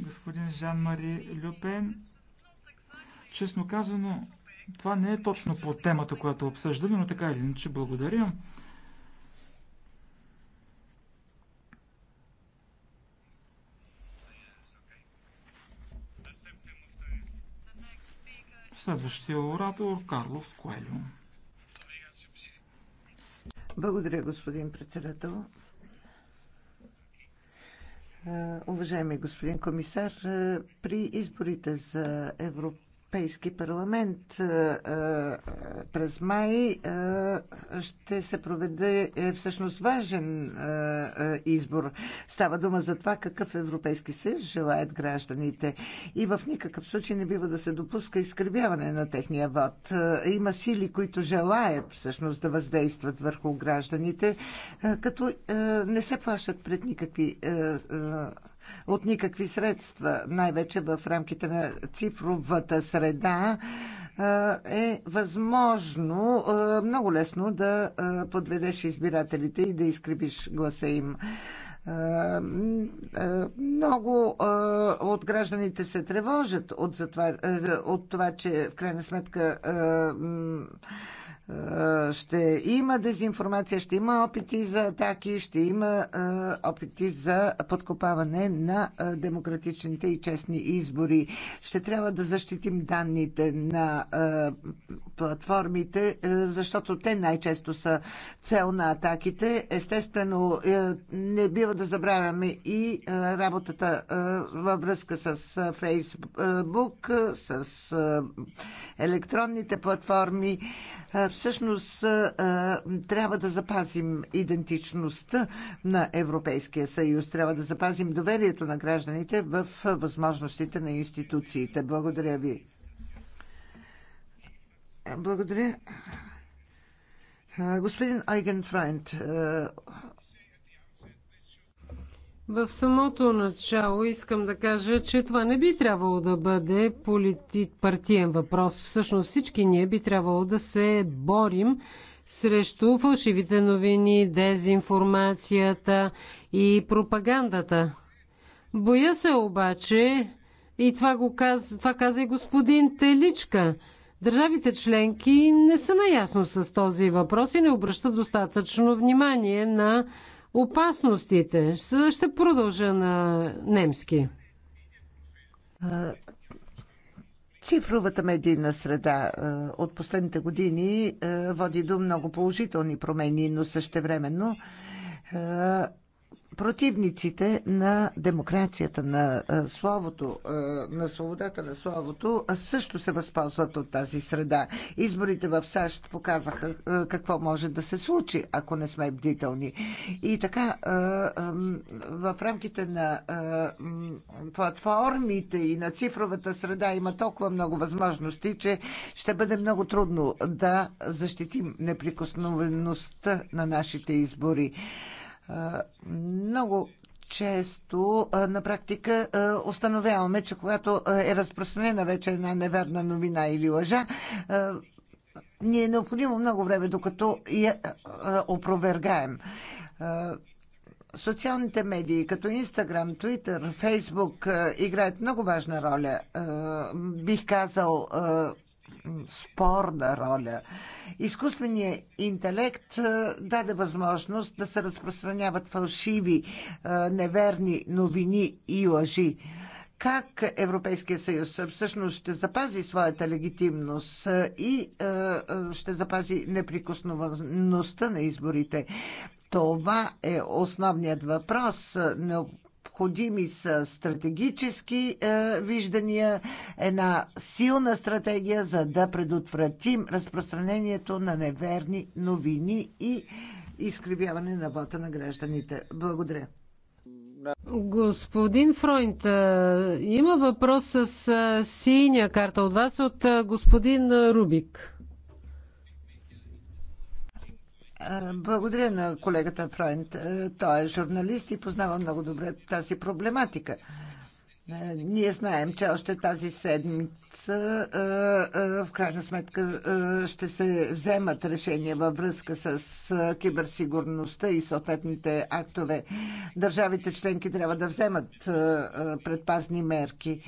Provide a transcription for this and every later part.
господин Жан-Мари Люпен. Честно казано, това не е точно по темата, която обсъждаме, но така или иначе благодаря. Следващия оратор Карлос Коелю. Благодаря, господин председател. Е, уважаеми господин комисар, е, при изборите за Европа Европейски парламент е, е, през май е, ще се проведе всъщност важен избор. Става дума за това какъв Европейски съюз желаят гражданите. И в никакъв случай не бива да се допуска изкривяване на техния вод. Има сили, които желаят всъщност да въздействат върху гражданите, като не се плашат пред никакви от никакви средства, най-вече в рамките на цифровата среда, е възможно много лесно да подведеш избирателите и да изкривиш гласа им. Много от гражданите се тревожат от, това, от това, че в крайна сметка е, ще има дезинформация, ще има опити за атаки, ще има е, опити за подкопаване на е, демократичните и честни избори. Ще трябва да защитим данните на платформите, защото те най-често са цел на атаките. Естествено, не бива да забравяме и работата във връзка с Фейсбук, с електронните платформи, Всъщност трябва да запазим идентичността на Европейския съюз, трябва да запазим доверието на гражданите в възможностите на институциите. Благодаря ви. Благодаря. Господин Айгенфрайнд, в самото начало искам да кажа, че това не би трябвало да бъде полити... партиен въпрос. Всъщност всички ние би трябвало да се борим срещу фалшивите новини, дезинформацията и пропагандата. Боя се обаче, и това, го каз... това каза и господин Теличка, Държавите членки не са наясно с този въпрос и не обръщат достатъчно внимание на опасностите. Ще продължа на немски. Цифровата медийна среда от последните години води до много положителни промени, но същевременно противниците на демокрацията, на словото, на свободата на словото, също се възползват от тази среда. Изборите в САЩ показаха какво може да се случи, ако не сме бдителни. И така, в рамките на платформите и на цифровата среда има толкова много възможности, че ще бъде много трудно да защитим неприкосновеността на нашите избори. Много често на практика установяваме, че когато е разпространена вече една неверна новина или лъжа, ни е необходимо много време, докато я опровергаем. Социалните медии, като Инстаграм, Твитър, Фейсбук, играят много важна роля. Бих казал, спорна роля. Изкуственият интелект даде възможност да се разпространяват фалшиви, неверни новини и лъжи как Европейския съюз всъщност ще запази своята легитимност и ще запази неприкосновеността на изборите. Това е основният въпрос необходими са стратегически е, виждания, една силна стратегия, за да предотвратим разпространението на неверни новини и изкривяване на вота на гражданите. Благодаря. Господин Фройнт, е, има въпрос с е, синя карта от вас от господин Рубик. Е, благодаря на колегата Фройнд. Е, той е журналист и познава много добре тази проблематика. Е, ние знаем, че още тази седмица в крайна сметка ще се вземат решения във връзка с киберсигурността и съответните актове. Държавите членки трябва да вземат предпазни мерки.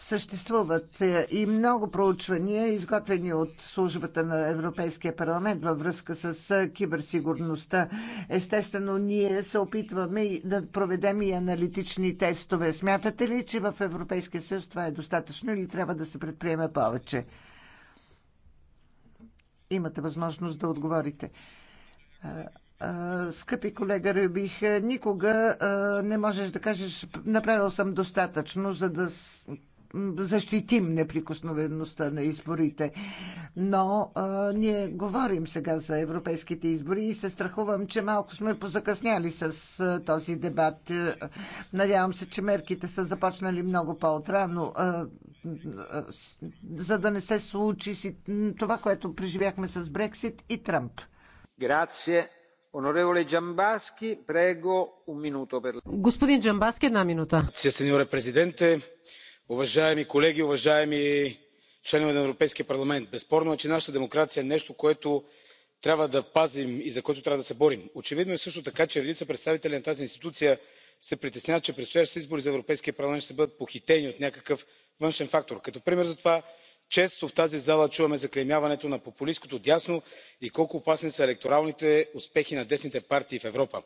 Съществуват е, и много проучвания, изготвени от службата на Европейския парламент във връзка с е, киберсигурността. Естествено, ние се опитваме да проведем и аналитични тестове. Смятате ли, че в Европейския съюз това е достатъчно или трябва да се предприеме повече? Имате възможност да отговорите. Е, скъпи колега Рюбих, никога не можеш да кажеш направил съм достатъчно, за да защитим неприкосновеността на изборите. Но а, ние говорим сега за европейските избори и се страхувам, че малко сме позакъсняли с а, този дебат. Е, надявам се, че мерките са започнали много по-отрано, за да не се случи си, това, което преживяхме с Брексит и Тръмп. Грация. Onorevole Giambaschi, prego Господин Джамбаски, една минута. Сеньоре президенте, уважаеми колеги уважаеми членове на европейския парламент! безспорно е че нашата демокрация е нещо което трябва да пазим и за което трябва да се борим. очевидно е също така че редица представители на тази институция се притесняват че предстоящите избори за европейски парламент ще бъдат похитени от някакъв външен фактор. като пример за това често в тази зала чуваме заклеймяването на популисткото дясно и колко опасни са електоралните успехи на десните партии в европа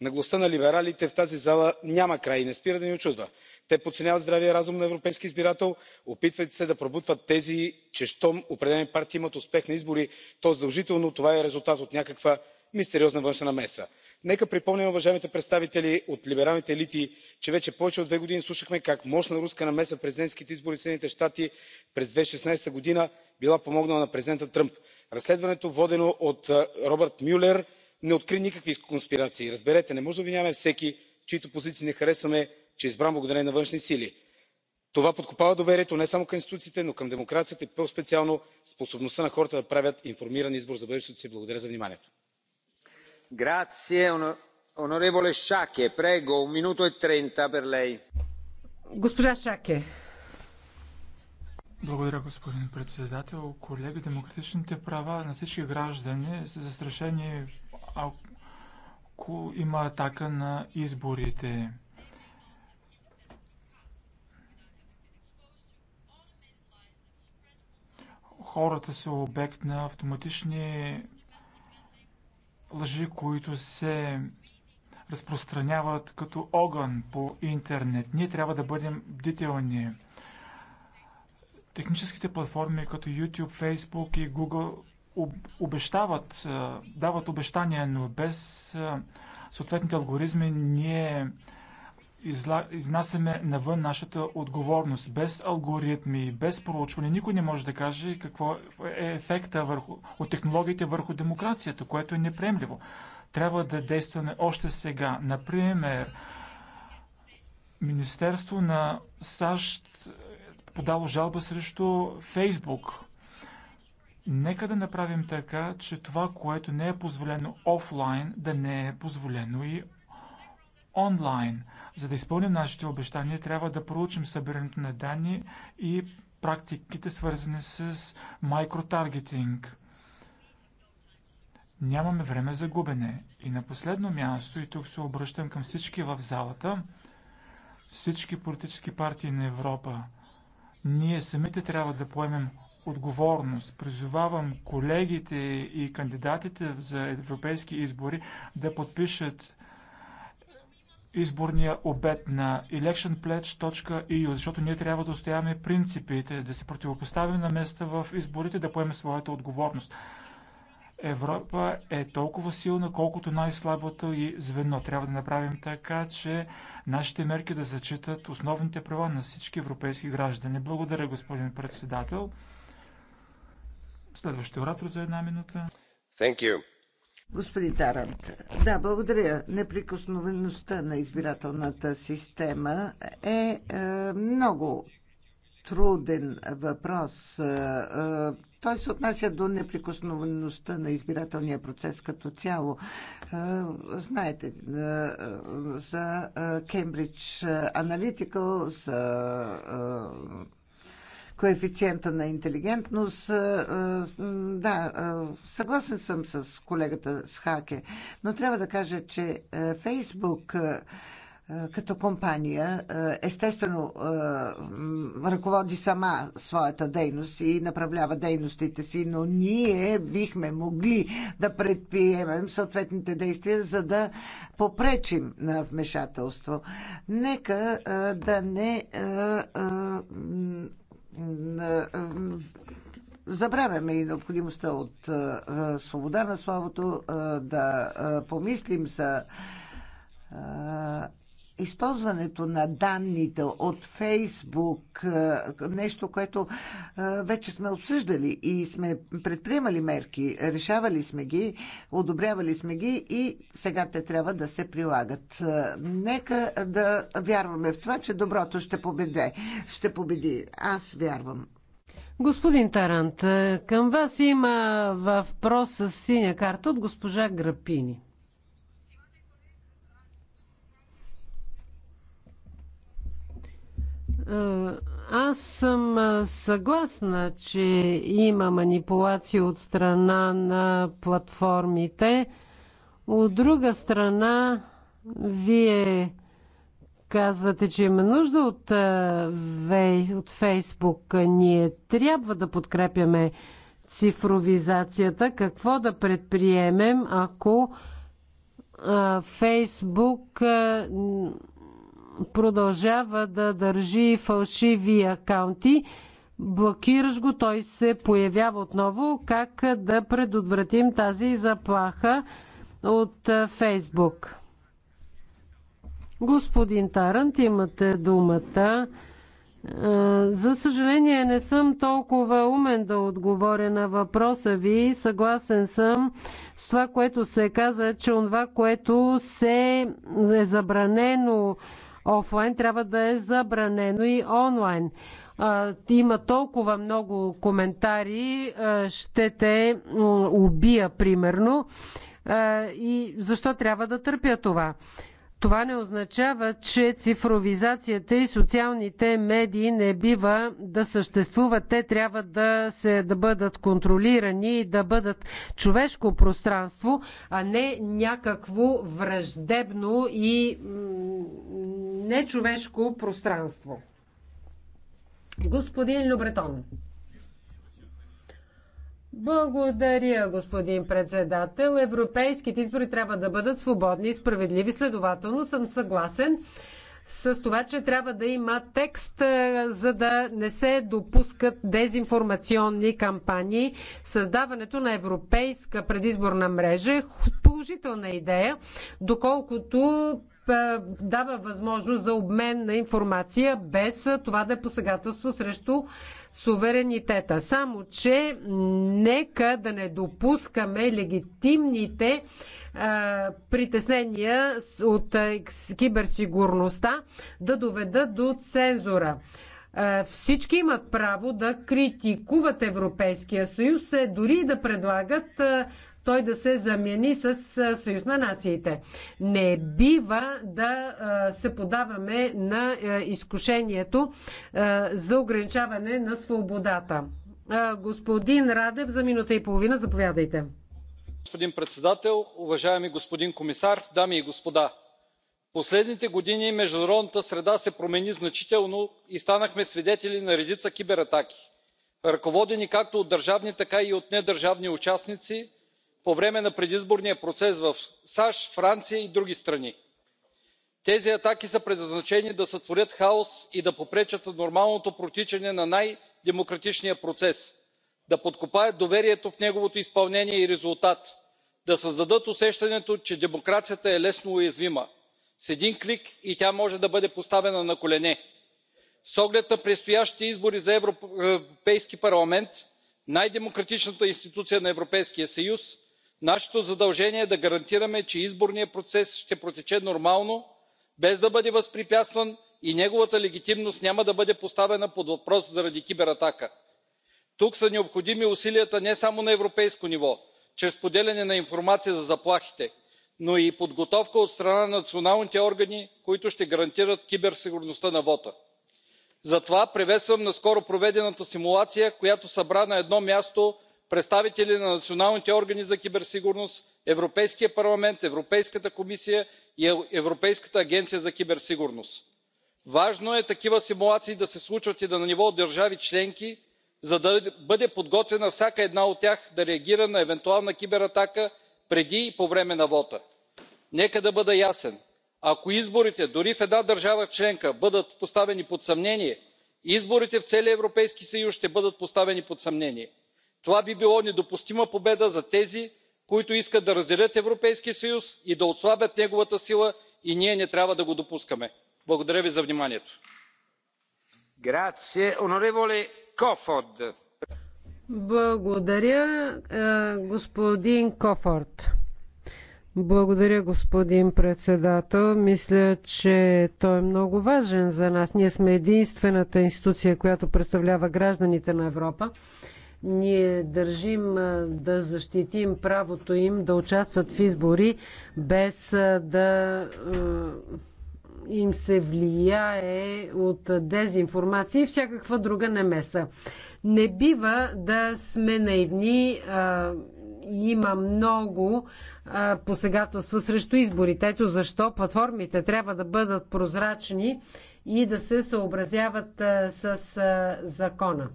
наглостта на либералите в тази зала няма край и не спира да ни учудва. те подценяват здравия разум на европейския избирател опитвайки се да пробутват тези че щом определени партии имат успех на избори то задължително това е резултат от някаква мистериозна външна намеса. нека припомним на уважаемите представители от либералните елити че вече повече от две години слушахме как мощна руска намеса в президентските избори в съединените щати през две хиляди и шестнадесета година била помогнала на президента тръмп. разследването водено от робърт мюлер не откри никакви конспирации. разберете не можем да обвиняваме всеки чиито позиции не харесваме че е избран благодарение на външни сили. това подкопава доверието не само към институциите но към демокрацията и по специално способността на хората да правят информиран избор за бъдещето си. благодаря за вниманието. E госпожа шаке благодаря, господин председател. Колеги, демократичните права на всички граждани са застрашени ако има атака на изборите. Хората са обект на автоматични лъжи, които се разпространяват като огън по интернет. Ние трябва да бъдем бдителни. Техническите платформи като YouTube, Facebook и Google обещават, дават обещания, но без съответните алгоритми ние изнасяме навън нашата отговорност. Без алгоритми, без проучване, никой не може да каже какво е ефекта върху... от технологиите върху демокрацията, което е неприемливо. Трябва да действаме още сега. Например, Министерство на САЩ подало жалба срещу Фейсбук – Нека да направим така, че това, което не е позволено офлайн, да не е позволено и онлайн. За да изпълним нашите обещания, трябва да проучим събирането на данни и практиките, свързани с микротаргетинг. Нямаме време за губене. И на последно място, и тук се обръщам към всички в залата, всички политически партии на Европа, ние самите трябва да поемем отговорност. Призовавам колегите и кандидатите за европейски избори да подпишат изборния обед на electionpledge.eu, защото ние трябва да устояваме принципите, да се противопоставим на места в изборите, да поемем своята отговорност. Европа е толкова силна, колкото най-слабото и звено. Трябва да направим така, че нашите мерки да зачитат основните права на всички европейски граждани. Благодаря, господин председател. Следващия оратор за една минута. Thank you. Господин Тарант, да, благодаря. Неприкосновеността на избирателната система е, е много труден въпрос. Е, е, той се отнася до неприкосновеността на избирателния процес като цяло. Е, знаете, е, за Кембридж Аналитикъл, за е, коефициента на интелигентност. Е, е, да, е, съгласен съм с колегата с Хаке, но трябва да кажа, че Фейсбук като компания, естествено, ръководи сама своята дейност и направлява дейностите си, но ние бихме могли да предприемем съответните действия, за да попречим на вмешателство. Нека да не забравяме и необходимостта от свобода на словото, да помислим за използването на данните от Фейсбук, е, нещо, което е, вече сме обсъждали и сме предприемали мерки, решавали сме ги, одобрявали сме ги и сега те трябва да се прилагат. Е, нека да вярваме в това, че доброто ще победе. Ще победи. Аз вярвам. Господин Тарант, към вас има въпрос с синя карта от госпожа Грапини. Е, аз съм е, съгласна, че има манипулации от страна на платформите. От друга страна, вие казвате, че има нужда от, е, от Фейсбук. Ние трябва да подкрепяме цифровизацията. Какво да предприемем, ако Фейсбук продължава да държи фалшиви акаунти, блокираш го, той се появява отново. Как да предотвратим тази заплаха от Фейсбук? Господин Тарант, имате думата. За съжаление не съм толкова умен да отговоря на въпроса ви. Съгласен съм с това, което се каза, че това, което се е забранено офлайн, трябва да е забранено и онлайн. Има толкова много коментари, ще те убия, примерно. И защо трябва да търпя това? Това не означава, че цифровизацията и социалните медии не бива да съществуват. Те трябва да, се, да бъдат контролирани и да бъдат човешко пространство, а не някакво враждебно и нечовешко пространство. Господин Любретон. Благодаря, господин председател. Европейските избори трябва да бъдат свободни и справедливи. Следователно съм съгласен с това, че трябва да има текст, е, за да не се допускат дезинформационни кампании. Създаването на европейска предизборна мрежа е положителна идея, доколкото е, дава възможност за обмен на информация, без това да е посегателство срещу суверенитета. Само, че нека да не допускаме легитимните а, е, притеснения от е, киберсигурността да доведат до цензура. Всички имат право да критикуват Европейския съюз, дори да предлагат той да се замени с Съюз на нациите. Не бива да се подаваме на изкушението за ограничаване на свободата. Господин Радев, за минута и половина заповядайте. Господин председател, уважаеми господин комисар, дами и господа! последните години международната среда се промени значително и станахме свидетели на редица кибератаки ръководени както от държавни така и от недържавни участници по време на предизборния процес в сащ франция и други страни. тези атаки са предназначени да сътворят хаос и да попречат на нормалното протичане на най демократичния процес да подкопаят доверието в неговото изпълнение и резултат да създадат усещането че демокрацията е лесно уязвима с един клик и тя може да бъде поставена на колене. с оглед на предстоящите избори за европейски парламент най демократичната институция на европейския съюз нашето задължение е да гарантираме че изборният процес ще протече нормално без да бъде възпрепятстван и неговата легитимност няма да бъде поставена под въпрос заради кибератака. тук са необходими усилията не само на европейско ниво чрез споделяне на информация за заплахите но и подготовка от страна на националните органи които ще гарантират киберсигурността на вота. затова приветствам наскоро проведената симулация която събра на едно място представители на националните органи за киберсигурност европейския парламент европейската комисия и европейската агенция за киберсигурност. важно е такива симулации да се случват и на ниво държави членки за да бъде подготвена всяка една от тях да реагира на евентуална кибератака преди и по време на вота. нека да бъда ясен ако изборите дори в една държава членка бъдат поставени под съмнение изборите в целия европейски съюз ще бъдат поставени под съмнение това би било недопустима победа за тези които искат да разделят европейския съюз и да отслабят неговата сила и ние не трябва да го допускаме. благодаря ви за вниманието. Благодаря, е, господин Кофорд. Благодаря, господин председател. Мисля, че той е много важен за нас. Ние сме единствената институция, която представлява гражданите на Европа. Ние държим да защитим правото им да участват в избори без да им се влияе от дезинформация и всякаква друга намеса. Не бива да сме наивни. има много а, посегателства срещу изборите. Ето защо платформите трябва да бъдат прозрачни и да се съобразяват а, с а, закона.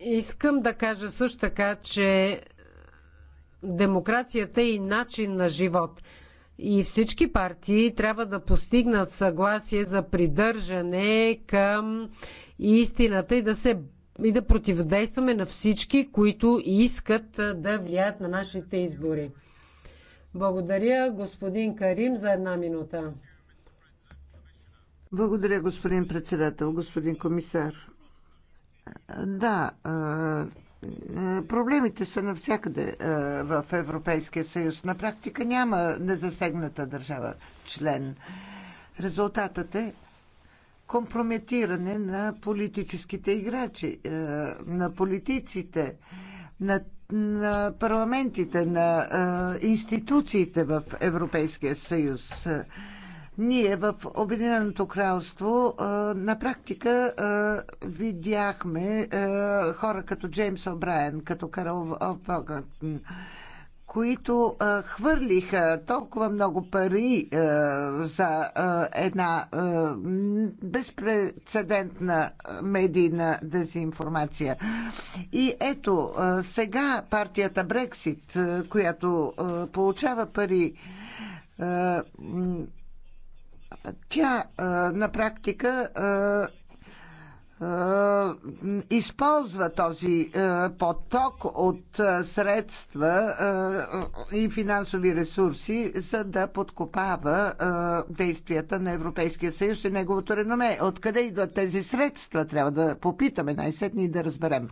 Искам да кажа също така, че демокрацията е и начин на живот. И всички партии трябва да постигнат съгласие за придържане към истината и да се и да противодействаме на всички, които искат да влияят на нашите избори. Благодаря, господин Карим, за една минута. Благодаря, господин председател, господин комисар. Да, проблемите са навсякъде в Европейския съюз. На практика няма незасегната държава член. Резултатът е компрометиране на политическите играчи, на политиците, на, на парламентите, на институциите в Европейския съюз. Ние в Обединеното кралство на практика видяхме хора като Джеймс О'Брайен, като Карл Воган, които а, хвърлиха толкова много пари а, за а, една а, безпредседентна медийна дезинформация. И ето, а, сега партията Брексит, която а, получава пари, а, тя на практика използва този поток от средства и финансови ресурси, за да подкопава действията на Европейския съюз и неговото реноме. Откъде идват тези средства? Трябва да попитаме най-сетни и да разберем.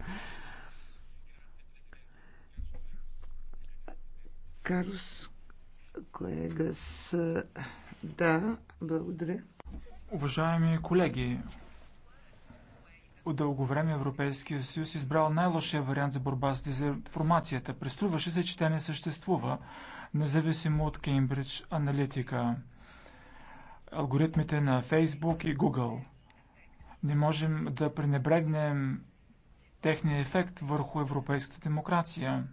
Карлс Коегас, да. Благодаря. Уважаеми колеги, от дълго време Европейския съюз е избрал най-лошия вариант за борба с дезинформацията. Преструваше се, че тя не съществува, независимо от Кембридж Аналитика, алгоритмите на Фейсбук и Google. Не можем да пренебрегнем техния ефект върху европейската демокрация.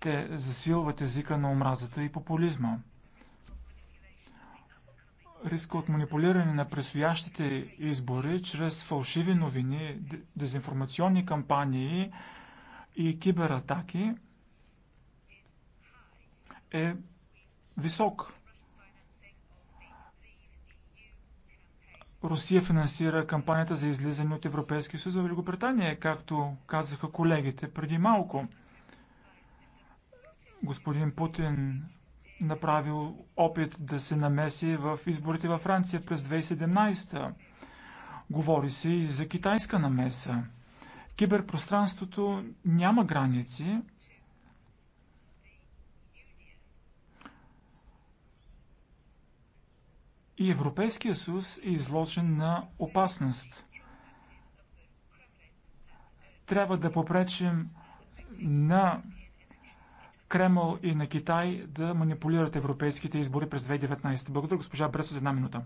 Те засилват езика на омразата и популизма риска от манипулиране на предстоящите избори чрез фалшиви новини, дезинформационни кампании и кибератаки е висок. Русия финансира кампанията за излизане от Европейския съюз в Великобритания, както казаха колегите преди малко. Господин Путин направил опит да се намеси в изборите във Франция през 2017. Говори се и за китайска намеса. Киберпространството няма граници. И Европейския съюз е изложен на опасност. Трябва да попречим на Кремъл и на Китай да манипулират европейските избори през 2019. Благодаря госпожа Бресо за една минута.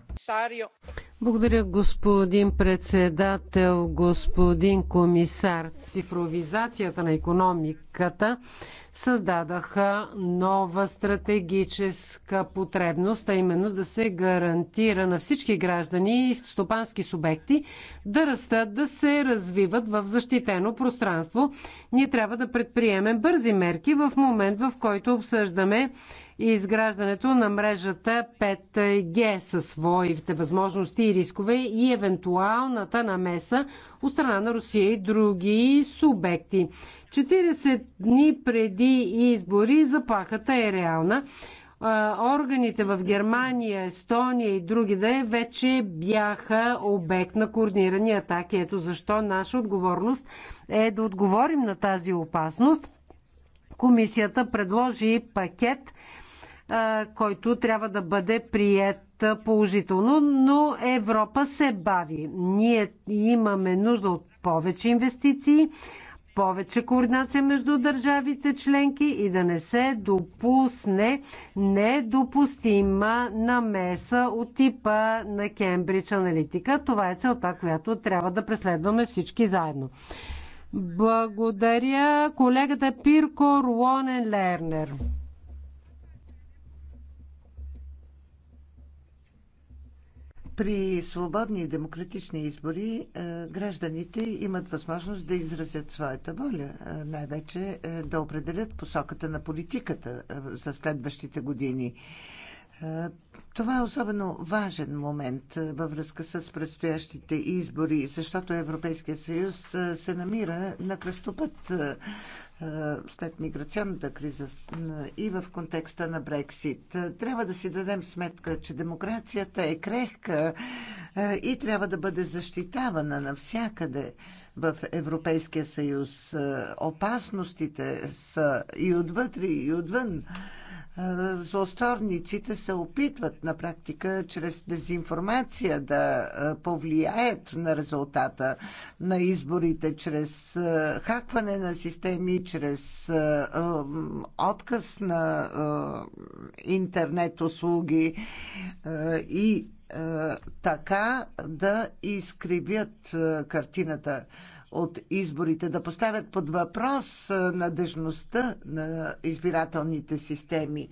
Благодаря, господин председател, господин комисар. Цифровизацията на економиката създадаха нова стратегическа потребност, а именно да се гарантира на всички граждани и стопански субекти да растат, да се развиват в защитено пространство. Ние трябва да предприемем бързи мерки в момент, в който обсъждаме и изграждането на мрежата 5G със своите възможности и рискове и евентуалната намеса от страна на Русия и други субекти. 40 дни преди избори заплахата е реална. Органите в Германия, Естония и други да е вече бяха обект на координирани атаки. Ето защо наша отговорност е да отговорим на тази опасност. Комисията предложи пакет който трябва да бъде прият положително, но Европа се бави. Ние имаме нужда от повече инвестиции, повече координация между държавите членки и да не се допусне недопустима намеса от типа на Кембридж аналитика. Това е целта, която трябва да преследваме всички заедно. Благодаря колегата Пирко Руонен Лернер. При свободни и демократични избори е, гражданите имат възможност да изразят своята воля, е, най-вече е, да определят посоката на политиката за следващите години. Това е особено важен момент във връзка с предстоящите избори, защото Европейския съюз се намира на кръстопът след миграционната криза и в контекста на Брексит. Трябва да си дадем сметка, че демокрацията е крехка и трябва да бъде защитавана навсякъде в Европейския съюз. Опасностите са и отвътре, и отвън. Е, злосторниците се опитват на практика чрез дезинформация да е, повлияят на резултата на изборите, чрез е, хакване на системи, чрез отказ на интернет услуги и така да изкривят картината от изборите, да поставят под въпрос надежността на избирателните системи.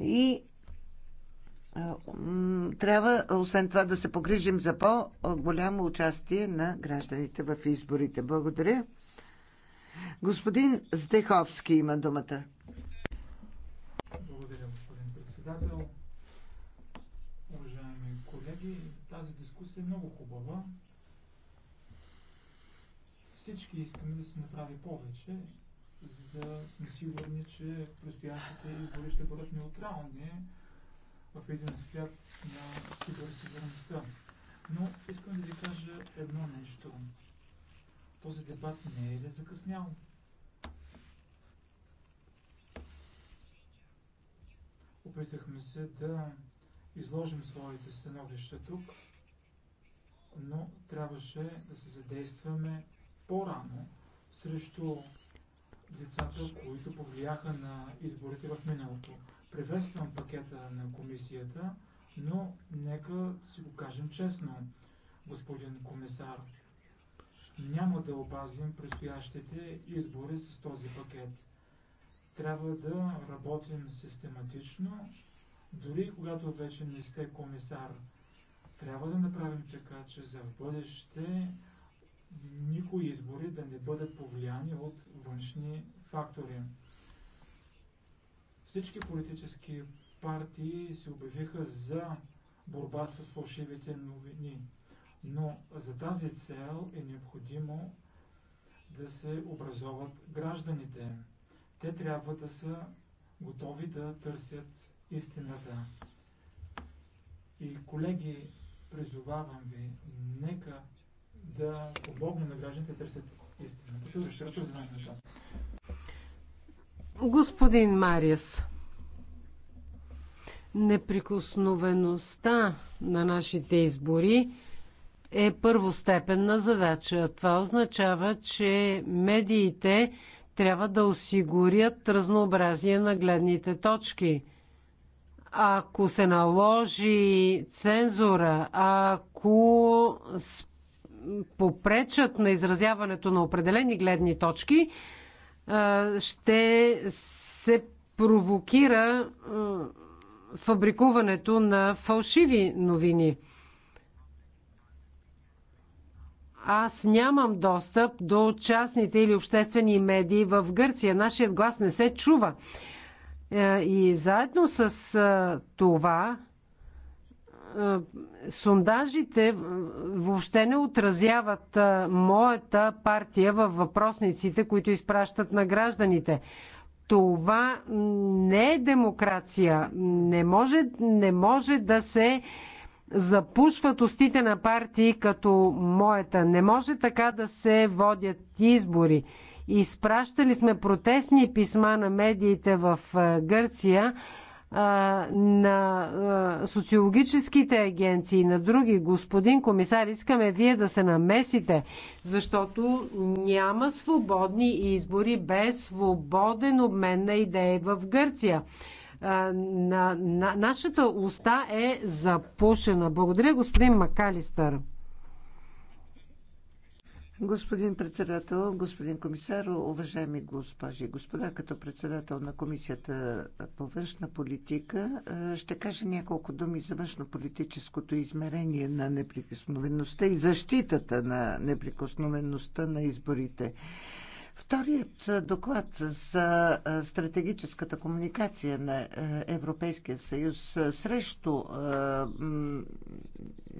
И трябва, освен това, да се погрижим за по-голямо участие на гражданите в изборите. Благодаря. Господин Здеховски има думата. Благодаря, господин председател. Уважаеми колеги, тази дискусия е много хубава. Всички искаме да се направи повече, за да сме сигурни, че предстоящите избори ще бъдат неутрални в един свят на киберсигурността. Но искам да ви кажа едно нещо. Този дебат не е ли закъснял? Опитахме се да изложим своите становища тук, но трябваше да се задействаме по-рано срещу лицата, които повлияха на изборите в миналото. Приветствам пакета на комисията, но нека си го кажем честно, господин комисар. Няма да обазим предстоящите избори с този пакет. Трябва да работим систематично, дори когато вече не сте комисар. Трябва да направим така, че за в бъдеще никои избори да не бъдат повлияни от външни фактори. Всички политически партии се обявиха за борба с фалшивите новини, но за тази цел е необходимо да се образоват гражданите. Те трябва да са готови да търсят истината. И колеги, призовавам ви, нека да помогне на гражданите да търсят истината, да разширят знанието. Господин Мариас, неприкосновеността на нашите избори е първостепенна задача. Това означава, че медиите трябва да осигурят разнообразие на гледните точки. Ако се наложи цензура, ако попречат на изразяването на определени гледни точки, е, ще се провокира е, фабрикуването на фалшиви новини. Аз нямам достъп до частните или обществени медии в Гърция. Нашият глас не се чува. Е, и заедно с това е, сондажите въобще не отразяват е, моята партия във въпросниците, които изпращат на гражданите. Това не е демокрация. Не може, не може да се запушват устите на партии като моята. Не може така да се водят избори. Изпращали сме протестни писма на медиите в е, Гърция, на социологическите агенции, на други. Господин комисар, искаме вие да се намесите, защото няма свободни избори без свободен обмен на идеи в Гърция. На, на, нашата уста е запушена. Благодаря, господин Макалистър. Господин председател, господин комисар, уважаеми госпожи и господа, като председател на Комисията по външна политика ще кажа няколко думи за външнополитическото измерение на неприкосновеността и защитата на неприкосновеността на изборите. Вторият доклад за стратегическата комуникация на Европейския съюз срещу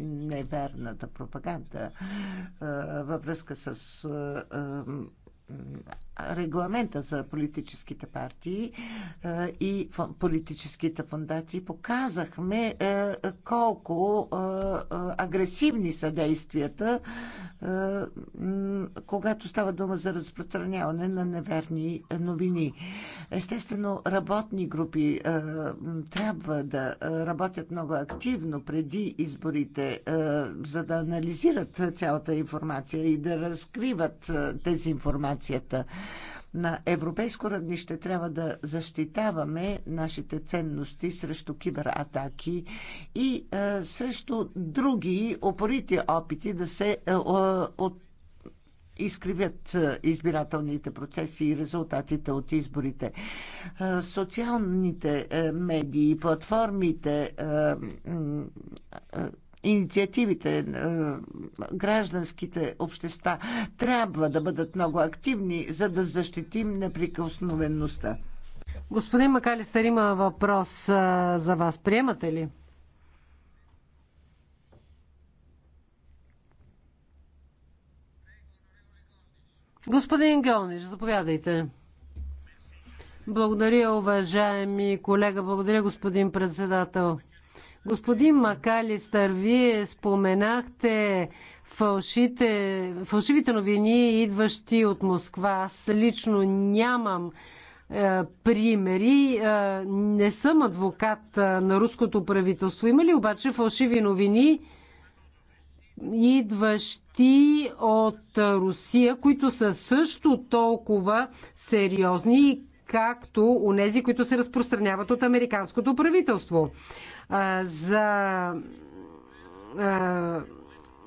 неверната пропаганда във връзка с регламента за политическите партии е, и политическите фундации показахме е, колко е, агресивни са действията, когато става дума за разпространяване на неверни новини. Естествено, работни групи трябва да работят много активно преди изборите, за да анализират цялата информация и да разкриват тези информацията на европейско равнище трябва да защитаваме нашите ценности срещу кибератаки и е, срещу други опорити опити да се е, е, от изкривят е, избирателните процеси и резултатите от изборите. Е, социалните е, медии, платформите, инициативите, е, гражданските общества трябва да бъдат много активни, за да защитим неприкосновеността. Господин Макалистър, има въпрос е, за вас. Приемате ли? Господин Геониш, заповядайте. Благодаря, уважаеми колега. Благодаря, господин председател. Господин Макалистър, вие споменахте фалшите, фалшивите новини, идващи от Москва. Аз лично нямам е, примери. Е, не съм адвокат е, на руското правителство. Има ли обаче фалшиви новини, идващи от Русия, които са също толкова сериозни, както у нези, които се разпространяват от американското правителство? за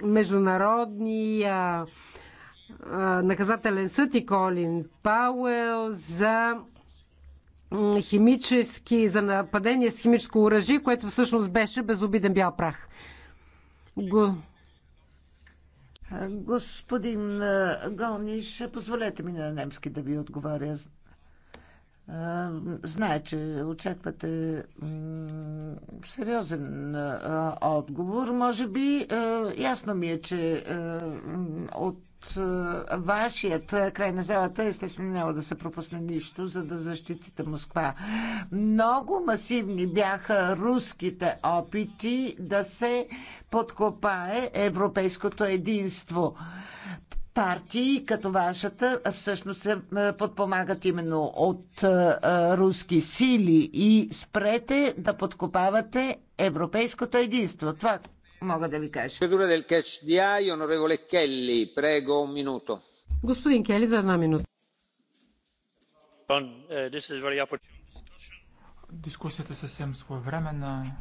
международни наказателен съд и Колин Пауел за химически, за нападение с химическо оръжие, което всъщност беше безобиден бял прах. Го... Господин Гониш, позволете ми на немски да ви отговоря. Знае, че очаквате сериозен отговор. Може би ясно ми е, че от вашият край на залата естествено няма да се пропусне нищо, за да защитите Москва. Много масивни бяха руските опити да се подкопае европейското единство партии като вашата всъщност се е, подпомагат именно от е, е, руски сили и спрете да подкопавате европейското единство. Това мога да ви кажа. Господин Кели, за една минута. Дискусията съвсем своевременна,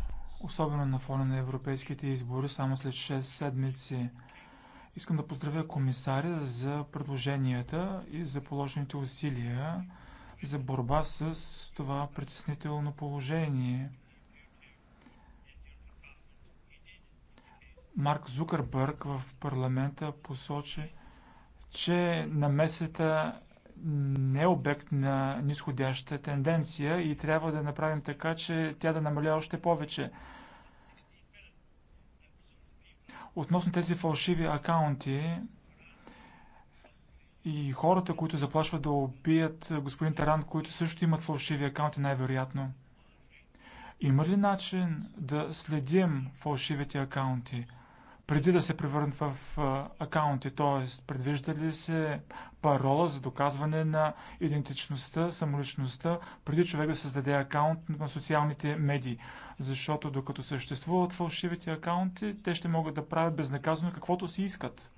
особено на фона на европейските избори, само след 6 седмици. Искам да поздравя комисаря за предложенията и за положените усилия за борба с това притеснително положение. Марк Зукърбърг в парламента посочи, че намесата не е обект на нисходяща тенденция и трябва да направим така, че тя да намаля още повече. Относно тези фалшиви акаунти и хората, които заплашват да убият господин Таран, които също имат фалшиви акаунти, най-вероятно. Има ли начин да следим фалшивите акаунти? преди да се превърнат в акаунти, т.е. предвижда ли се парола за доказване на идентичността, самоличността, преди човек да създаде акаунт на социалните медии. Защото докато съществуват фалшивите акаунти, те ще могат да правят безнаказано каквото си искат.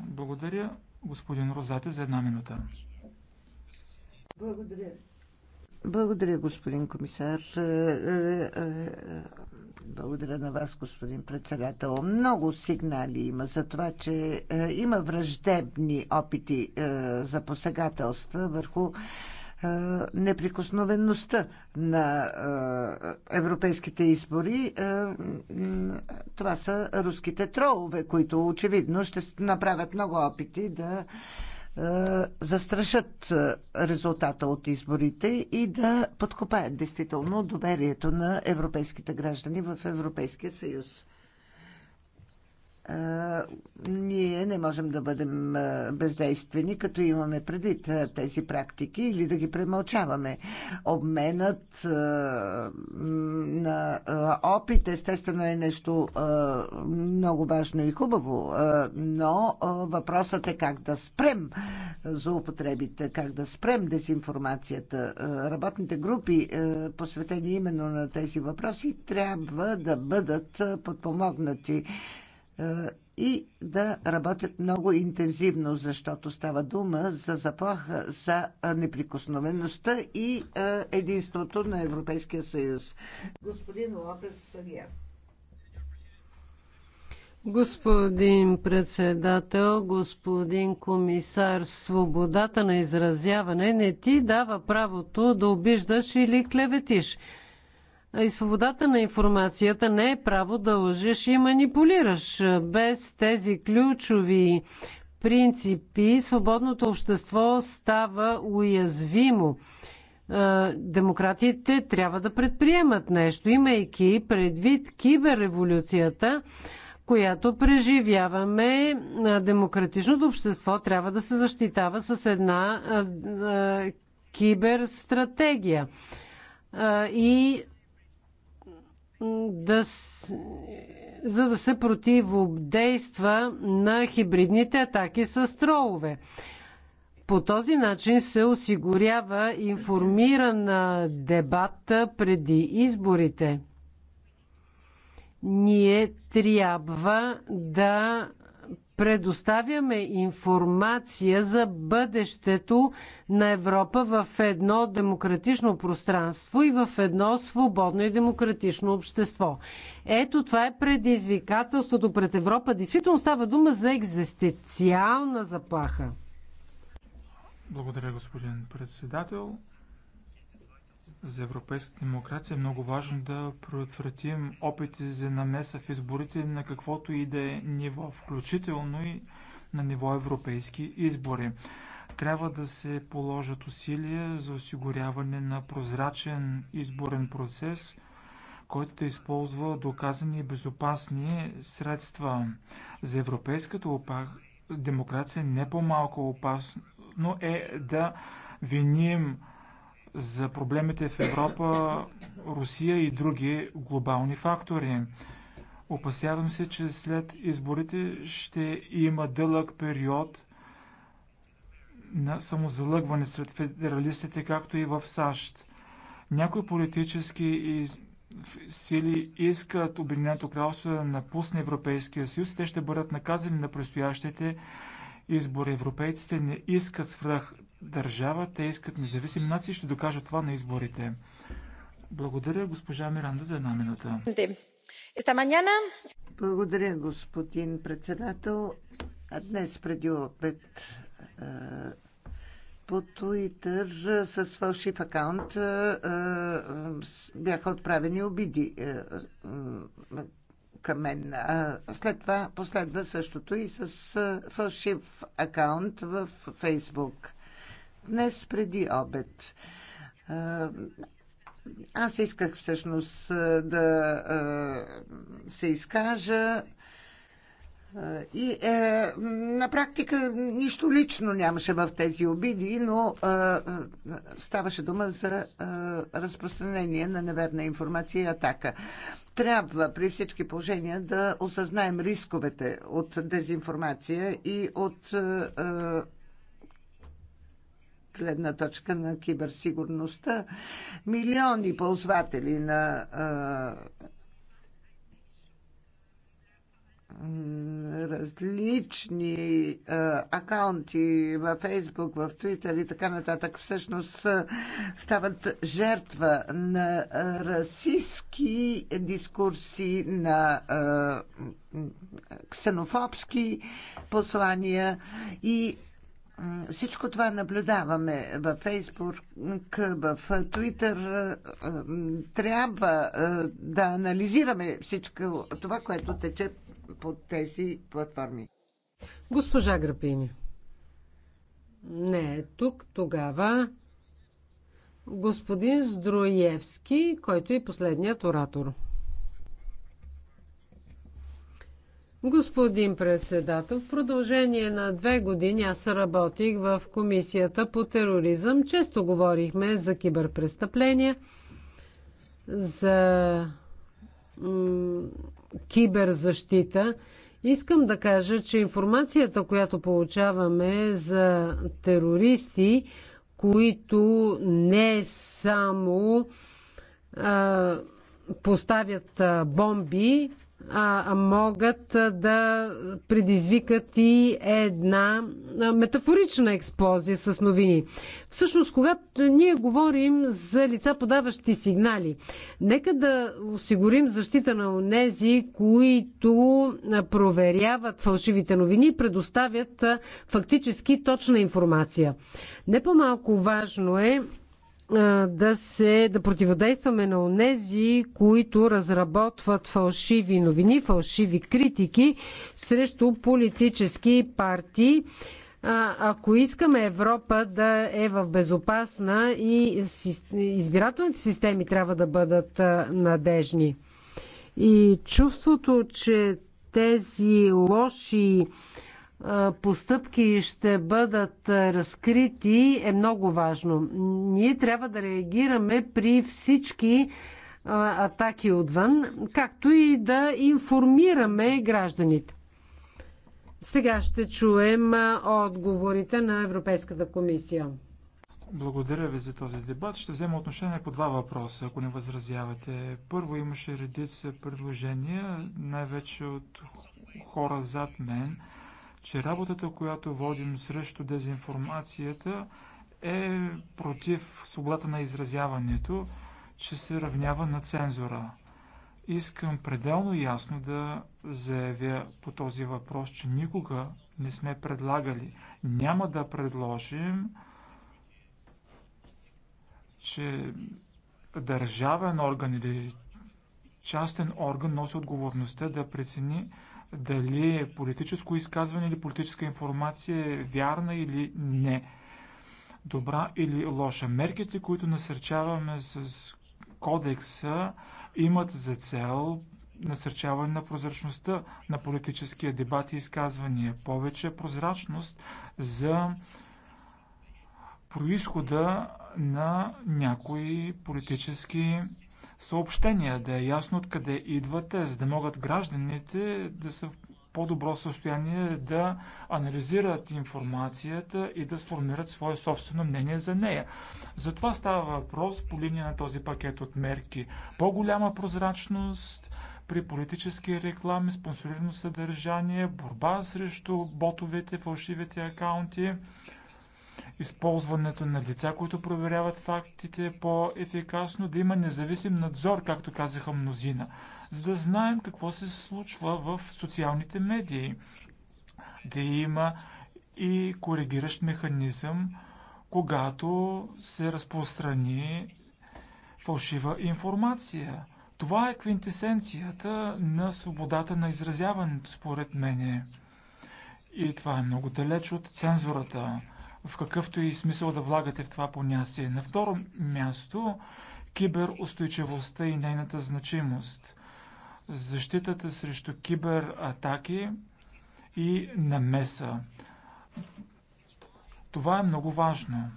Благодаря, господин Розате, за една минута. Благодаря. Благодаря, господин комисар. Е, е, е, благодаря на вас, господин председател. Много сигнали има за това, че има враждебни опити за посегателства върху неприкосновеността на европейските избори. Това са руските тролове, които очевидно ще направят много опити да е, застрашат е, резултата от изборите и да подкопаят действително доверието на европейските граждани в Европейския съюз ние не можем да бъдем бездействени, като имаме предвид тези практики или да ги премълчаваме. Обменът на опит естествено е нещо много важно и хубаво, но въпросът е как да спрем злоупотребите, как да спрем дезинформацията. Работните групи, посветени именно на тези въпроси, трябва да бъдат подпомогнати. Е, и да работят много интензивно, защото става дума за заплаха за неприкосновеността и е, единството на Европейския съюз. Господин Лопес Сагия. Господин председател, господин комисар, свободата на изразяване не ти дава правото да обиждаш или клеветиш. И свободата на информацията не е право да лъжеш и манипулираш. Без тези ключови принципи свободното общество става уязвимо. Демократите трябва да предприемат нещо, имайки предвид киберреволюцията, която преживяваме. Демократичното общество трябва да се защитава с една киберстратегия. И да, за да се противодейства на хибридните атаки с тролове. По този начин се осигурява информиран дебат преди изборите. Ние трябва да предоставяме информация за бъдещето на Европа в едно демократично пространство и в едно свободно и демократично общество. Ето това е предизвикателството пред Европа. Действително става дума за екзистенциална заплаха. Благодаря, господин председател за европейската демокрация е много важно да предотвратим опити за намеса в изборите на каквото и да е ниво, включително и на ниво европейски избори. Трябва да се положат усилия за осигуряване на прозрачен изборен процес, който да използва доказани и безопасни средства. За европейската демокрация не по-малко опасно е да виним за проблемите в Европа, Русия и други глобални фактори. Опасявам се, че след изборите ще има дълъг период на самозалъгване сред федералистите, както и в САЩ. Някои политически сили искат Обединеното кралство да напусне Европейския съюз и те ще бъдат наказани на предстоящите избори. Европейците не искат свръх държава, те искат независими нации, ще докажат това на изборите. Благодаря, госпожа Миранда, за една минута. Благодаря, господин председател. а Днес преди обед по Туитър с фалшив акаунт бяха отправени обиди към мен. След това последва същото и с фалшив акаунт в Фейсбук днес преди обед. Аз исках всъщност да се изкажа и е, на практика нищо лично нямаше в тези обиди, но е, ставаше дума за е, разпространение на неверна информация и атака. Трябва при всички положения да осъзнаем рисковете от дезинформация и от гледна точка на киберсигурността. Милиони ползватели на различни а, акаунти във Фейсбук, в Твитър и така нататък всъщност стават жертва на расистски дискурси, на а, ксенофобски послания и всичко това наблюдаваме във Фейсбук, в Твитър. Трябва е, да анализираме всичко това, което тече по тези платформи. Госпожа Грапини. Не е тук. Тогава господин Здроевски, който е последният оратор. Господин председател, в продължение на две години аз работих в Комисията по тероризъм. Често говорихме за киберпрестъпления, за киберзащита. Искам да кажа, че информацията, която получаваме за терористи, които не само а, поставят а, бомби, а, могат да предизвикат и една метафорична експлозия с новини. Всъщност, когато ние говорим за лица подаващи сигнали, нека да осигурим защита на онези, които проверяват фалшивите новини и предоставят фактически точна информация. Не по-малко важно е да, се, да противодействаме на онези, които разработват фалшиви новини, фалшиви критики срещу политически партии. Ако искаме Европа да е в безопасна и избирателните системи трябва да бъдат надежни. И чувството, че тези лоши постъпки ще бъдат разкрити е много важно. Ние трябва да реагираме при всички атаки отвън, както и да информираме гражданите. Сега ще чуем отговорите на Европейската комисия. Благодаря ви за този дебат. Ще взема отношение по два въпроса, ако не възразявате. Първо имаше редица предложения, най-вече от хора зад мен, че работата, която водим срещу дезинформацията е против свободата на изразяването, че се равнява на цензура. Искам пределно ясно да заявя по този въпрос, че никога не сме предлагали, няма да предложим, че държавен орган или частен орган носи отговорността да прецени дали е политическо изказване или политическа информация е вярна или не, добра или лоша. Мерките, които насърчаваме с кодекса, имат за цел насърчаване на прозрачността на политическия дебат и изказвания, повече прозрачност за происхода на някои политически съобщения, да е ясно откъде идвате, за да могат гражданите да са в по-добро състояние да анализират информацията и да сформират свое собствено мнение за нея. За това става въпрос по линия на този пакет от мерки. По-голяма прозрачност при политически реклами, спонсорирано съдържание, борба срещу ботовете, фалшивите акаунти, използването на лица, които проверяват фактите по-ефикасно, да има независим надзор, както казаха мнозина, за да знаем какво се случва в социалните медии. Да има и коригиращ механизъм, когато се разпространи фалшива информация. Това е квинтесенцията на свободата на изразяването, според мен. И това е много далеч от цензурата в какъвто и смисъл да влагате в това понятие. На второ място, киберустойчивостта и нейната значимост. Защитата срещу кибератаки и намеса. Това е много важно.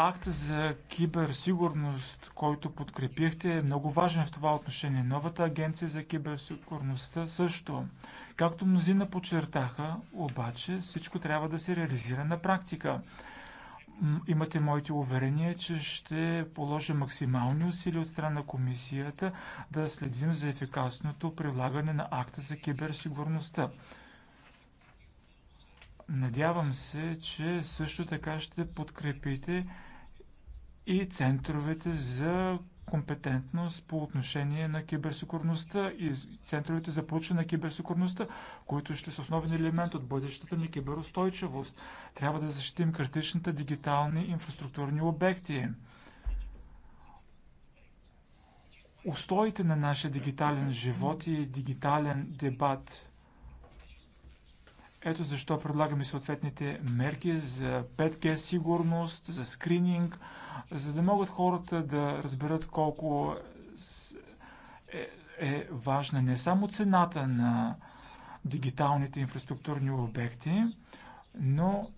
Акт за киберсигурност, който подкрепихте, е много важен в това отношение. Новата агенция за киберсигурността също. Както мнозина подчертаха, обаче всичко трябва да се реализира на практика. Имате моите уверения, че ще положа максимални усилия от страна на комисията да следим за ефикасното прилагане на акта за киберсигурността. Надявам се, че също така ще подкрепите и центровете за компетентност по отношение на киберсигурността и центровете за проучване на киберсигурността, които ще са основен елемент от бъдещата ни киберустойчивост. Трябва да защитим критичните дигитални инфраструктурни обекти. Устоите на нашия дигитален живот и дигитален дебат ето защо предлагаме съответните мерки за 5G сигурност, за скрининг, за да могат хората да разберат колко е, е важна не само цената на дигиталните инфраструктурни обекти, но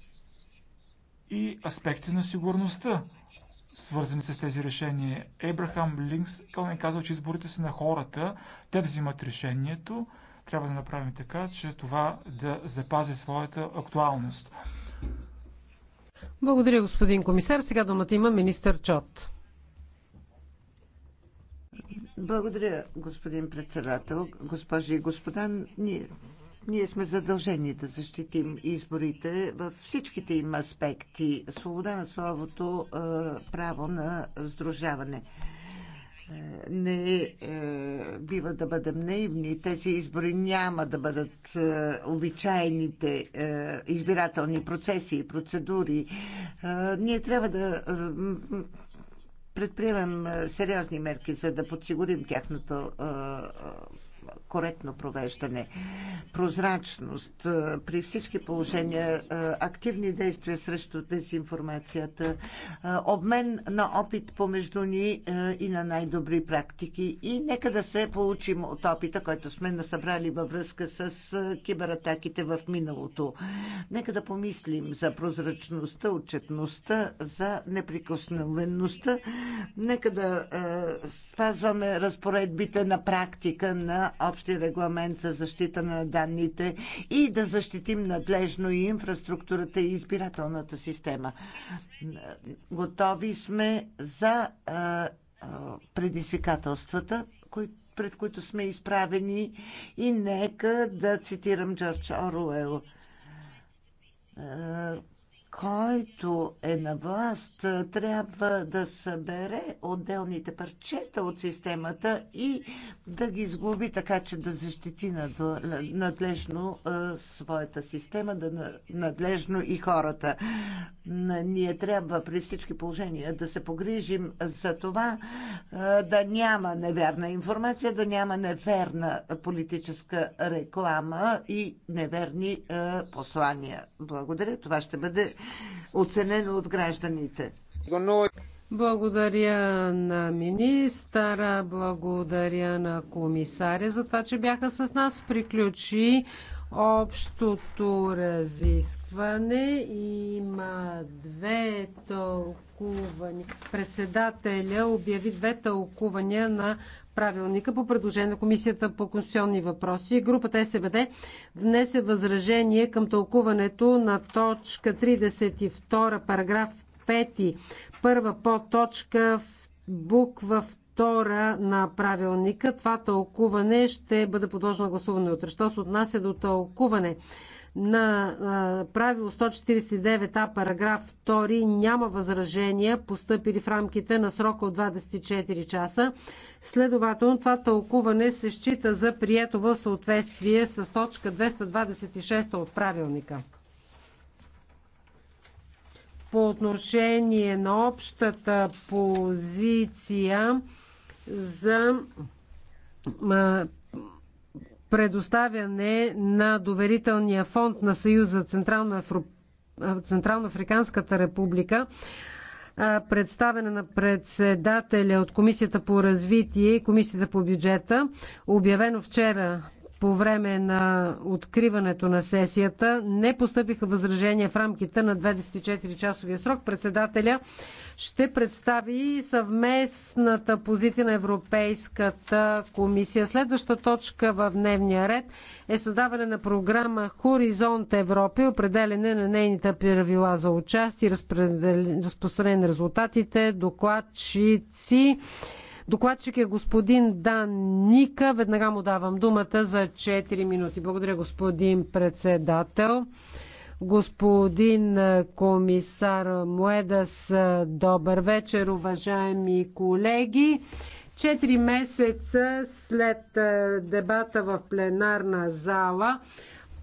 и аспекти на сигурността, свързани с тези решения. Ебрахам Линкс е казал, че изборите са на хората, те взимат решението, трябва да направим така, че това да запази своята актуалност. Благодаря, господин комисар. Сега думата има министър Чот. Благодаря, господин председател. Госпожи и господа, ние, ние сме задължени да защитим изборите във всичките им аспекти. Свобода на словото, право на сдружаване не е, е, бива да бъдем наивни. Тези избори няма да бъдат е, обичайните е, избирателни процеси и процедури. Е, ние трябва да е, предприемем е, сериозни мерки, за да подсигурим тяхното е, е коректно провеждане, прозрачност, при всички положения активни действия срещу дезинформацията, обмен на опит помежду ни и на най-добри практики и нека да се получим от опита, който сме насъбрали във връзка с кибератаките в миналото. Нека да помислим за прозрачността, отчетността, за неприкосновеността. Нека да спазваме разпоредбите на практика на общ общи регламент за защита на данните и да защитим надлежно и инфраструктурата и избирателната система. Готови сме за предизвикателствата, пред които сме изправени и нека да цитирам Джордж Оруел който е на власт, трябва да събере отделните парчета от системата и да ги сглоби така, че да защити надлежно своята система, да надлежно и хората. Ние трябва при всички положения да се погрижим за това да няма неверна информация, да няма неверна политическа реклама и неверни послания. Благодаря. Това ще бъде оценено от гражданите. Благодаря на министъра, благодаря на комисаря за това, че бяха с нас. Приключи Общото разискване има две тълкувания. Председателя обяви две тълкувания на правилника по предложение на Комисията по конституционни въпроси. Групата СБД внесе възражение към тълкуването на точка 32, параграф 5, първа по точка, буква втора на правилника. Това тълкуване ще бъде подложено на гласуване утре. Що се отнася до тълкуване на правило 149а, параграф 2, няма възражения, постъпили в рамките на срока от 24 часа. Следователно, това тълкуване се счита за прието в съответствие с точка 226 от правилника по отношение на общата позиция за предоставяне на доверителния фонд на Съюза Централно Африканската Централноафриканската република, представена на председателя от Комисията по развитие и Комисията по бюджета, обявено вчера по време на откриването на сесията не постъпиха възражения в рамките на 24-часовия срок. Председателя ще представи съвместната позиция на Европейската комисия. Следваща точка в дневния ред е създаване на програма Хоризонт Европа и определене на нейните правила за участие, разпространение на резултатите, докладчици. Докладчик е господин Дан Ника. Веднага му давам думата за 4 минути. Благодаря, господин председател. Господин комисар Моедас, добър вечер, уважаеми колеги. Четири месеца след е, дебата в пленарна зала,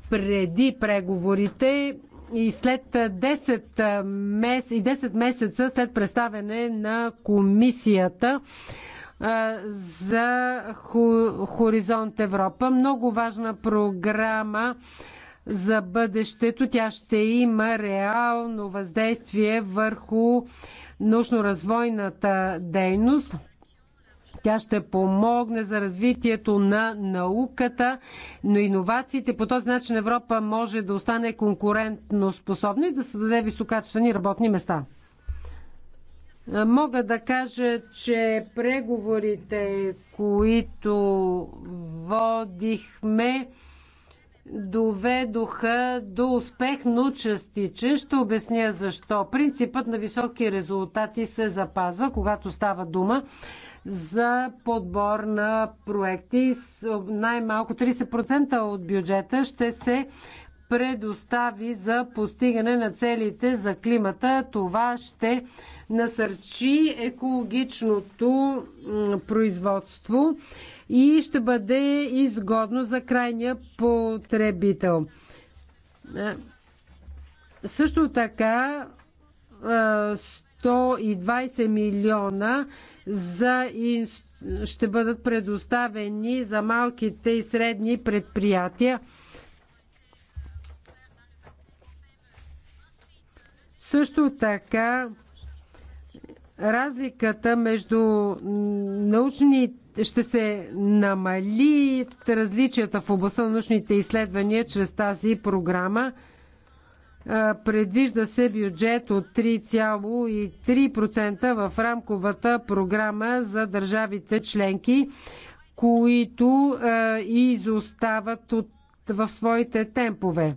преди преговорите и след 10 е, е, и 10 месеца след представяне на комисията, за Хоризонт Европа. Много важна програма за бъдещето. Тя ще има реално въздействие върху научно-развойната дейност. Тя ще помогне за развитието на науката, но иновациите по този начин Европа може да остане конкурентно способна и да създаде висококачествени работни места. Е, мога да кажа, че преговорите, които водихме, доведоха до успех, но частичен. Ще обясня защо. Принципът на високи резултати се запазва, когато става дума за подбор на проекти. Най-малко 30% от бюджета ще се предостави за постигане на целите за климата. Това ще насърчи екологичното производство и ще бъде изгодно за крайния потребител. Е, също така 120 е, милиона за ще бъдат предоставени за малките и средни предприятия. Също така разликата между научни ще се намали различията в областта на научните изследвания чрез тази програма. Предвижда се бюджет от 3,3% в рамковата програма за държавите членки, които изостават от, в своите темпове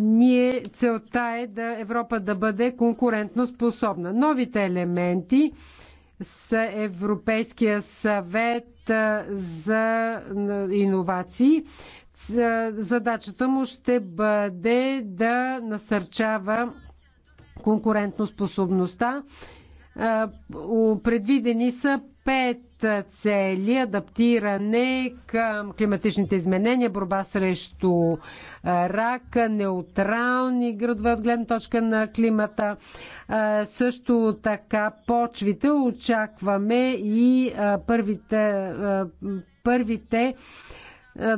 ние целта е да Европа да бъде конкурентно способна. Новите елементи с Европейския съвет за иновации. Задачата му ще бъде да насърчава конкурентоспособността е, предвидени са пет цели адаптиране към климатичните изменения, борба срещу е, рака, неутрални градове от гледна точка на климата. Е, също така почвите очакваме и първите, първите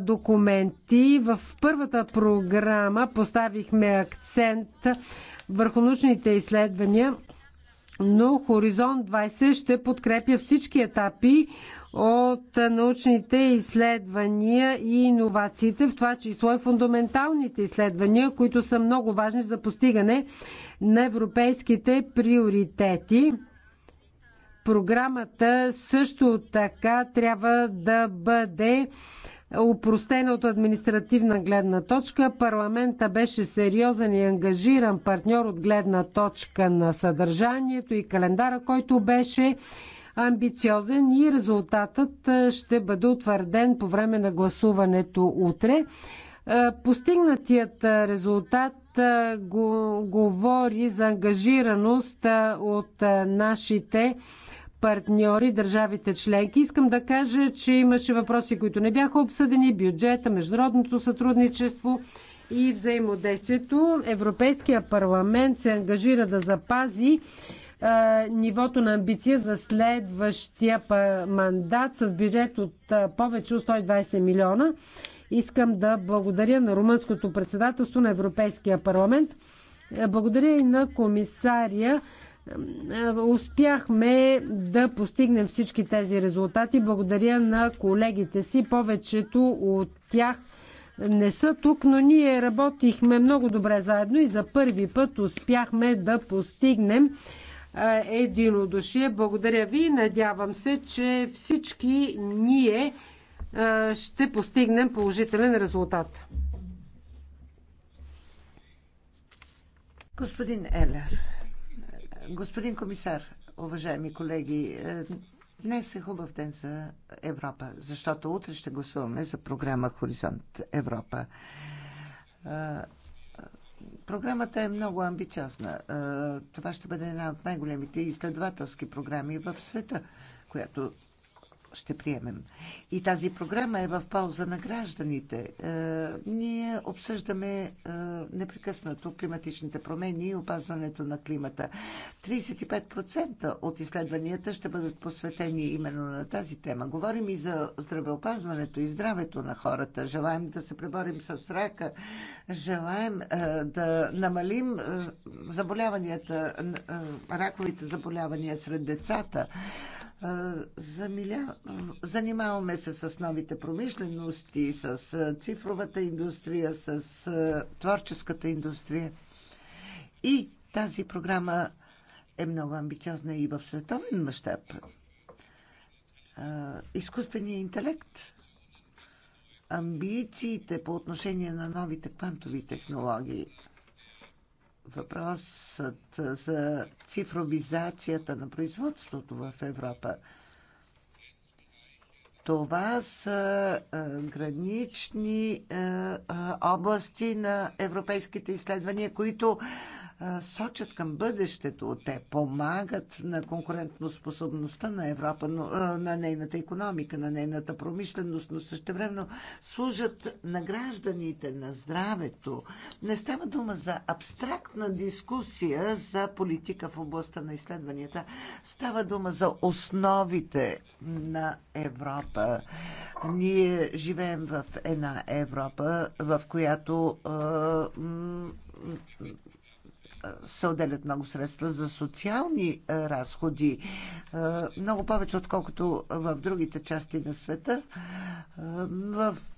документи. В първата програма поставихме акцент върху научните изследвания но Хоризонт 20 ще подкрепя всички етапи от научните изследвания и иновациите, в това число и фундаменталните изследвания, които са много важни за постигане на европейските приоритети. Програмата също така трябва да бъде упростена от административна гледна точка. Парламента беше сериозен и ангажиран партньор от гледна точка на съдържанието и календара, който беше амбициозен и резултатът ще бъде утвърден по време на гласуването утре. Постигнатият резултат го, говори за ангажираност от нашите партньори, държавите членки. Искам да кажа, че имаше въпроси, които не бяха обсъдени бюджета, международното сътрудничество и взаимодействието. Европейския парламент се ангажира да запази е, нивото на амбиция за следващия мандат с бюджет от е, повече от 120 милиона. Искам да благодаря на румънското председателство на Европейския парламент. Благодаря и на комисария е, успяхме да постигнем всички тези резултати. Благодаря на колегите си. Повечето от тях не са тук, но ние работихме много добре заедно и за първи път успяхме да постигнем е, единодушие. Благодаря ви. Надявам се, че всички ние е, ще постигнем положителен резултат. Господин Елер. Господин комисар, уважаеми колеги, е, днес е хубав ден за Европа, защото утре ще гласуваме за програма Хоризонт Европа. Е, програмата е много амбициозна. Е, това ще бъде една от най-големите изследователски програми в света, която ще приемем. И тази програма е в полза на гражданите. Е, ние обсъждаме е, непрекъснато климатичните промени и опазването на климата. 35% от изследванията ще бъдат посветени именно на тази тема. Говорим и за здравеопазването и здравето на хората. Желаем да се преборим с рака. Желаем е, да намалим заболяванията, раковите заболявания сред децата. Замиля... Занимаваме се с новите промишлености, с цифровата индустрия, с творческата индустрия. И тази програма е много амбициозна и в световен мащаб. Изкуственият интелект, амбициите по отношение на новите квантови технологии – въпросът за цифровизацията на производството в Европа. Това са е, гранични е, е, области на европейските изследвания, които сочат към бъдещето. Те помагат на конкурентноспособността на Европа, но, на нейната економика, на нейната промишленост, но същевременно служат на гражданите, на здравето. Не става дума за абстрактна дискусия за политика в областта на изследванията. Става дума за основите на Европа. Ние живеем в една Европа, в която се отделят много средства за социални е, разходи, е, много повече отколкото в другите части на света. Е,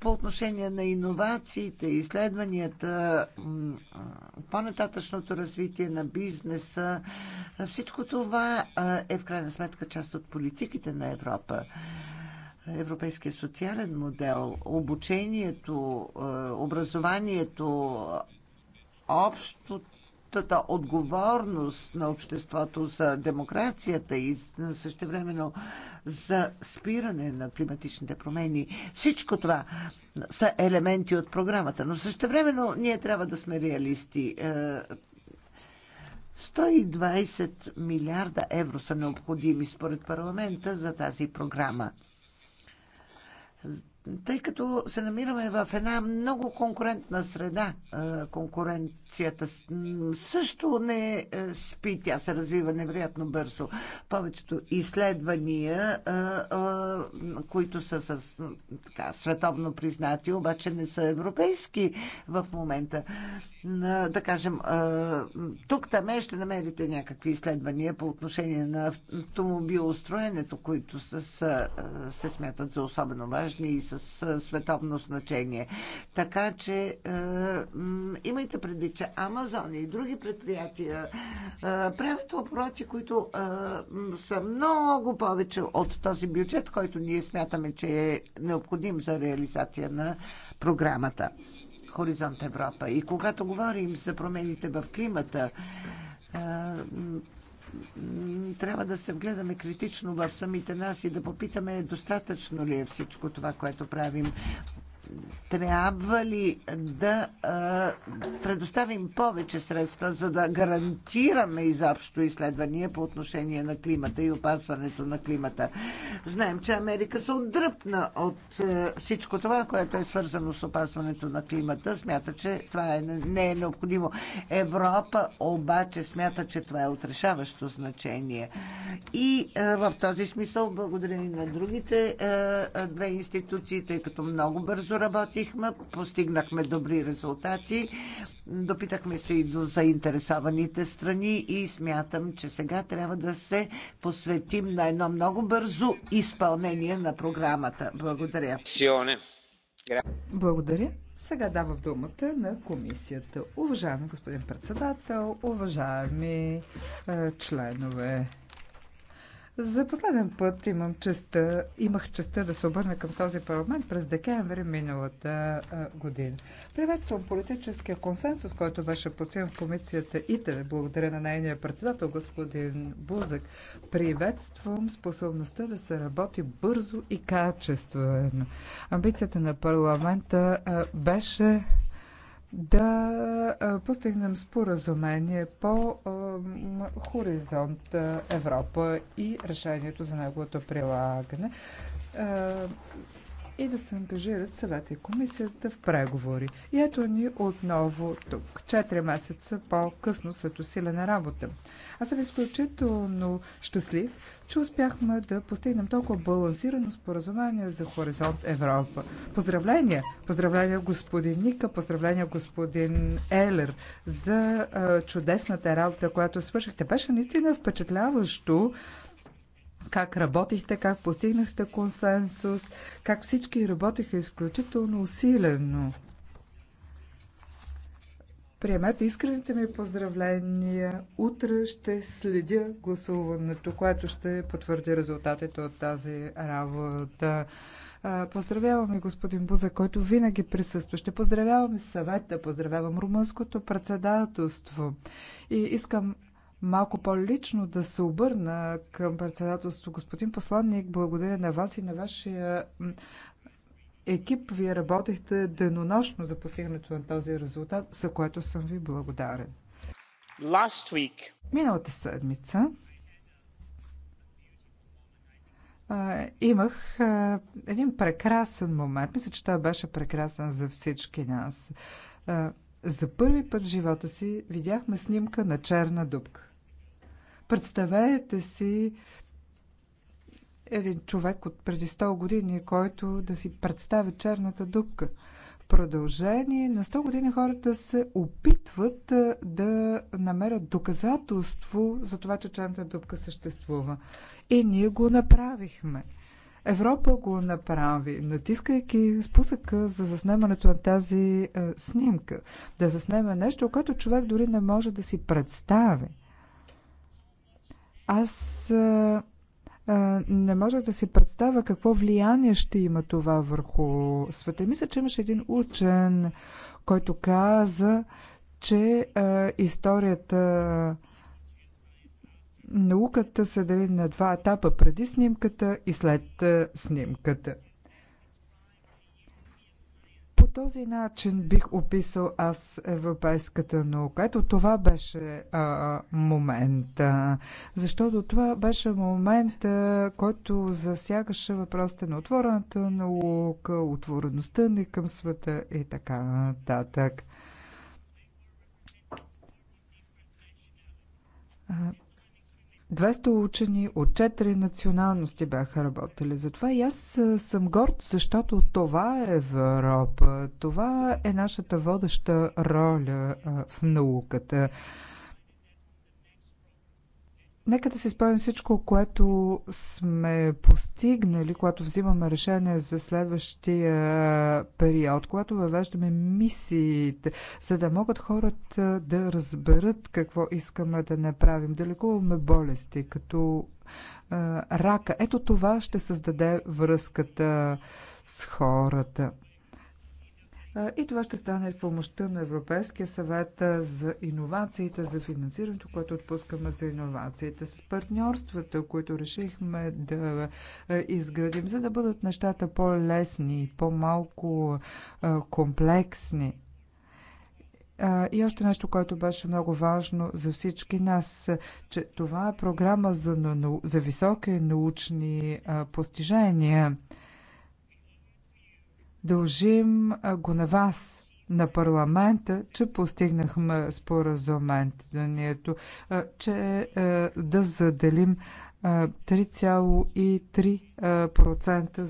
по отношение на иновациите, изследванията, по-нататъчното развитие на бизнеса, всичко това е в крайна сметка част от политиките на Европа европейския социален модел, обучението, образованието, общо общата отговорност на обществото за демокрацията и същевременно за спиране на климатичните промени. Всичко това са елементи от програмата, но същевременно ние трябва да сме реалисти. 120 е, милиарда евро са необходими според парламента за тази програма. Тъй като се намираме в една много конкурентна среда, конкуренцията също не е, спи, тя се развива невероятно бързо. Повечето изследвания, които са с, така, световно признати, обаче не са европейски в момента. Да кажем, тук таме ще намерите някакви изследвания по отношение на автомобилостроенето, които са, се смятат за особено важни и с световно значение. Така че е, имайте предвид, че Амазон и други предприятия е, правят обороти, които е, са много повече от този бюджет, който ние смятаме, че е необходим за реализация на програмата Хоризонт Европа. И когато говорим за промените в климата, трябва да се вгледаме критично в самите нас и да попитаме достатъчно ли е всичко това, което правим трябва ли да а, предоставим повече средства, за да гарантираме изобщо изследвания по отношение на климата и опазването на климата? Знаем, че Америка се отдръпна от а, всичко това, което е свързано с опазването на климата. Смята, че това е, не е необходимо. Европа обаче смята, че това е отрешаващо значение. И а, в този смисъл благодаря и на другите а, две институции, тъй като много бързо работихме, постигнахме добри резултати, допитахме се и до заинтересованите страни и смятам, че сега трябва да се посветим на едно много бързо изпълнение на програмата. Благодаря. Благодаря. Сега давам думата на комисията. Уважаеми господин председател, уважаеми е, членове за последен път имам честа, имах честа да се обърна към този парламент през декември миналата година. Приветствам политическия консенсус, който беше постигнат в комисията ИТЕ, благодаря на нейния председател господин Бузък. Приветствам способността да се работи бързо и качествено. Амбицията на парламента беше да постигнем споразумение по хоризонт Европа и решението за неговото прилагане и да се ангажират съвета и комисията в преговори. И ето ни отново тук, 4 месеца по-късно след усилена работа. Аз съм изключително щастлив, че успяхме да постигнем толкова балансирано споразумение за Хоризонт Европа. Поздравления! Поздравления господин Ника, поздравления господин Елер за а, чудесната работа, която свършихте. Беше наистина впечатляващо как работихте, как постигнахте консенсус, как всички работиха изключително усилено. Приемете искрените ми поздравления. Утре ще следя гласуването, което ще потвърди резултатите от тази работа. Поздравяваме господин Буза, който винаги присъства. Ще поздравявам съвета, поздравявам румънското председателство. И искам малко по-лично да се обърна към председателство. Господин посланник, благодаря на вас и на вашия екип вие работихте денонощно за постигането на този резултат, за което съм ви благодарен. Last week. Миналата седмица а, имах а, един прекрасен момент. Мисля, че той беше прекрасен за всички нас. А, за първи път в живота си видяхме снимка на черна дупка. Представете си един човек от преди 100 години, който да си представи черната дупка. В продължение на 100 години хората се опитват да намерят доказателство за това, че черната дупка съществува. И ние го направихме. Европа го направи, натискайки спусъка за заснемането на тази е, снимка. Да заснеме нещо, което човек дори не може да си представи. Аз е, не можех да си представя какво влияние ще има това върху света. Мисля, че имаше един учен, който каза, че а, историята науката се дели на два етапа преди снимката и след снимката този начин бих описал аз европейската наука. Ето това беше а, момента. Защото това беше момента, който засягаше въпросите на отворената наука, отвореността ни към света и така нататък. 200 учени от 4 националности бяха работили. Затова и аз съм горд, защото това е Европа. Това е нашата водеща роля в науката. Нека да се спомним всичко, което сме постигнали, когато взимаме решение за следващия период, когато въвеждаме мисиите, за да могат хората да разберат какво искаме да направим, да лекуваме болести, като рака. Ето това ще създаде връзката с хората. И това ще стане с помощта на Европейския съвет за иновациите, за финансирането, което отпускаме за иновациите, с партньорствата, които решихме да изградим, за да бъдат нещата по-лесни, по-малко комплексни. И още нещо, което беше много важно за всички нас, че това е програма за, за високи научни постижения. Дължим го на вас, на парламента, че постигнахме споразумението, че да заделим 3,3%